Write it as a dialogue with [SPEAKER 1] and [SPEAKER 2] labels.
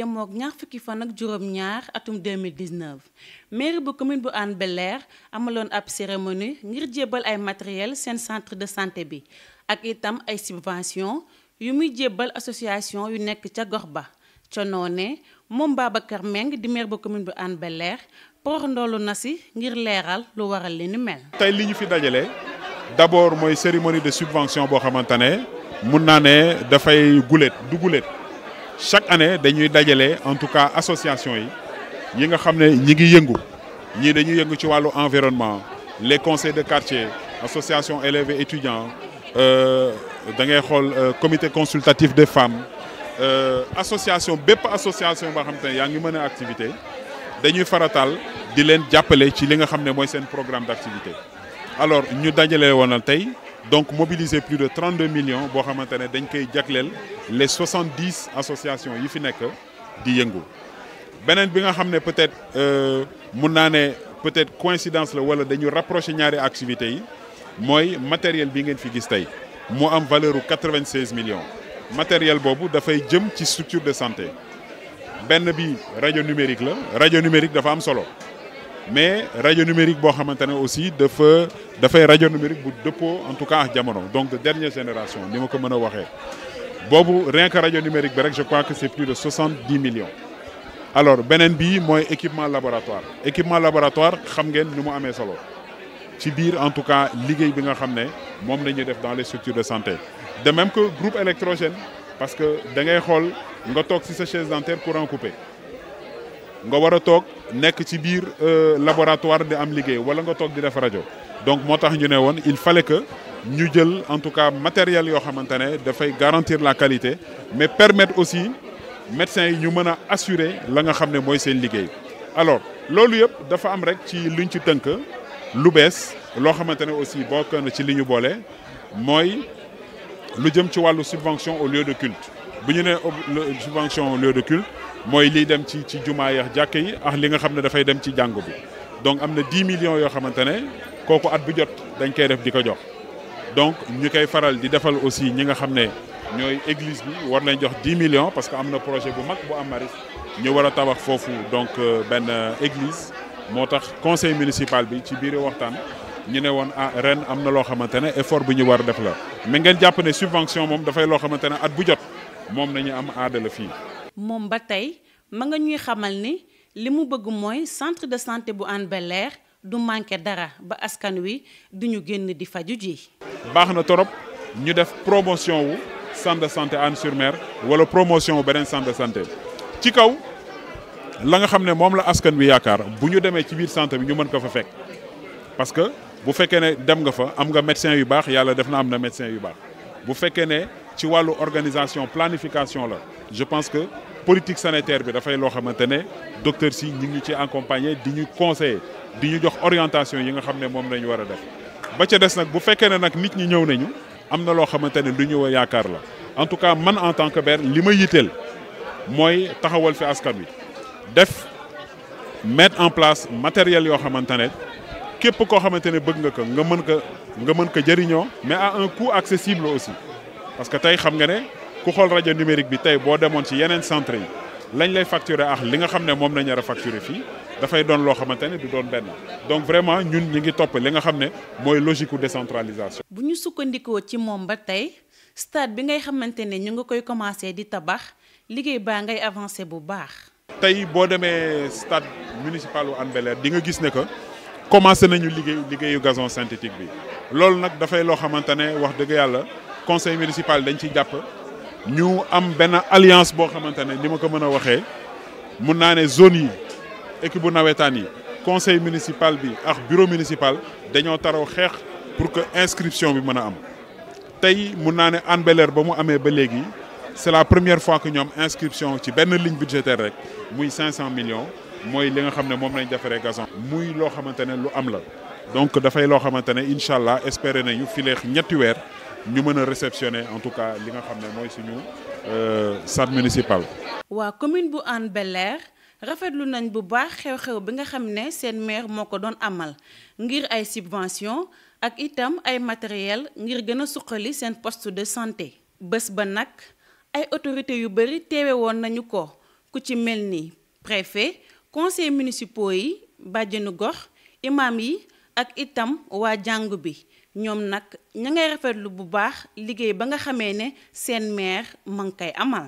[SPEAKER 1] yemook ñaar fukki fan ak juróom-ñaar atum 2019 maire bu commune bu an bel amalon ab cérémonie ngir jébbal ay matériel sen centre de santé bi ak itam ay subvention yu muy jébbal association yu nekk ca gox ca noné mom Babacar Meng di maire bu commune bu an bel por ndolu nasi ngir leeral lu waral leni mel.
[SPEAKER 2] tay liñu fi dajalé d'abord moy cérémonie de subvention bo xamantane ne mun naa ne dafay gulet du gulet chaque année dañuy dajalé en tout cas association yi yi nga xamné ñi ngi yëngu ñi dañuy yëngu ci walu environnement les conseils de quartier association élèves et étudiants euh, da ngay xol euh, comité consultatif des femmes euh, association bép association ba xam te ne yaa ngi mën activité dañuy faratal di len jàppale ci li nga xamné moy sen programme d'activité alors ñu dajalé wonal tay donc mobiliser plus de 32 millions pour dañ les 70 associations yi fi nek di benen bi nga peut-être une euh, peut-être coïncidence la wala dañu rapprocher activités yi matériel bi ngeen fi gis valeur 96 millions matériel da structure de santé benn bi radio numérique la Radio numérique dafa am solo mais radio numérique maintenant aussi de aussi de dafay radio numérique bu peau en tout cas donc de dernière génération ni ko rien que radio numérique je crois que c'est plus de 70 millions alors beneen Bi équipement laboratoire équipement laboratoire xam nous ni mu solo ci biir en tout cas liggéey bi nga xam ne moom dans les structures de santé de même que groupe électrogène parce que da ngay xool nga toog ci sa chaise dentaire courant coupé nga war a toog nekk ci biir euh, laboratoire di am liggéey wala nga toog di def rajo donc moo tax ñu ne woon il fallait que ñu jël en tout cas matériel yoo xamante ne dafay garantir la qualité mais permettre aussi médecins yi ñu mën a assurer la nga xam ne mooy seen liggéey alors loolu yëpp dafa am rek ci luñ ci tënk lu bees loo xamante ne aussi bokk na ci li ñu boole mooy lu jëm ci wàllu subvention au lieu de culte bu ñu nee subvention au lieu de culte moy li dem ci ci juma yax jàkk yi ak li nga xamne da fay dem ci jàngu bi donc amna 10 millions yo xamantene koku at bu jot dañ koy def diko jox donc ñu koy faral di defal aussi ñi nga xamne ñoy église bi war lañ jox 10 millions parce que amna projet bu mag bu am maris ñu wara tabax fofu donc euh, ben église motax conseil municipal bi ci biir waxtan ñu ne woon ah ren amna lo xamantene effort bu ñu war def la mais ngeen japp ne subvention mom da fay lo xamantene at bu jot mom nañu am aada la fii
[SPEAKER 1] mom ba tey ma nga ñuy xamal ni limu bëgg mooy centre de santé bu Hann bel du manqué dara ba askan wi duñu génn di faju ji.
[SPEAKER 2] baax na torop ñu def promotion wu centre de santé Hann sur Mer wala promotion wu beneen centre de santé ci kaw la nga xam ne moom la askan wi yaakaar bu ñu demee ci biir centre bi ñu mën ko fa fekk parce que bu fekkee ne dem nga fa am nga médecin yu baax yàlla def na am na médecin yu baax bu fekkee ne ci walu organisation planification la je pense que politique sanitaire bi da fay lo xamantene docteur si ñi ngi ci accompagner di ñu conseiller di ñu jox orientation yi nga xam mom lañu wara def ba ca des nak bu fekkee ne nag nit ñi ñew nañu amna lo xamantene xamante ne lu ñu yaakaar la en tout cas man en tant que maire limay yitel moy taxawal fi askan bi def mettre en place matériel yo xamantene ne képp koo xamante bëgg nga ko nga mën ko nga mën ko jëriño mais à un coût accessible aussi parce que tay xam nga ne ku xol radio numérique bi tay bo demoon ci yenen centre yi lañ lay facturer ak li nga xam ne moom la ñu facturer fi da fay don lo xamantene du don ben donc vraiment ñun ñi ngi top li nga xam ne mooy logique u décentralisation.
[SPEAKER 1] bu ñu sukkandikoo ci mom ba tay stade bi ngay xamantene ñu ngi koy commencer di tabax liggéey ba ngay avancer bu baax.
[SPEAKER 2] tay bo demee stade municipal wu Hann di nga gis ne que commencer nañu liggéey liggéeyu gazon synthétique bi lool nak da fay lo xamantene wax deug yalla conseil municipal dañ ci japp ñu am ben alliance bo xamante ne ni ma ko mën a zone yi équipe bu yi conseil municipal bi ak bureau municipal dañoo taraw xex pour que inscription bi mëna am tay mun naa ne ba mu amé ba légui c'est la première fois que ñom inscription ci ben ligne budgétaire rek muy 500 millions moy li nga xamné mom lañ defaree gazon. muy lo xamante lu am la donc da fay lo ne inshallah espérer nañu ñetti ñu mën a réceptionner en tout cas li nga xam ne mooy suñu stade euh, municipal.
[SPEAKER 1] waa commune bu Hann bel rafetlu nañ bu baax xew-xew bi nga xamné sen maire moko don amal ngir ay subvention ak itam ay matériel ngir gëna suxali sen poste de santé. bés ba nak ay autorités yu bëri teewe woon nañu ko ku ci melni préfet conseil municipal yi bàjjenu gox imam yi ak itam wa jàngu bi. ñoom nag ña ngay rafetlu bu baax liggéey ba nga xamee ne seen meer ma ngi koy amal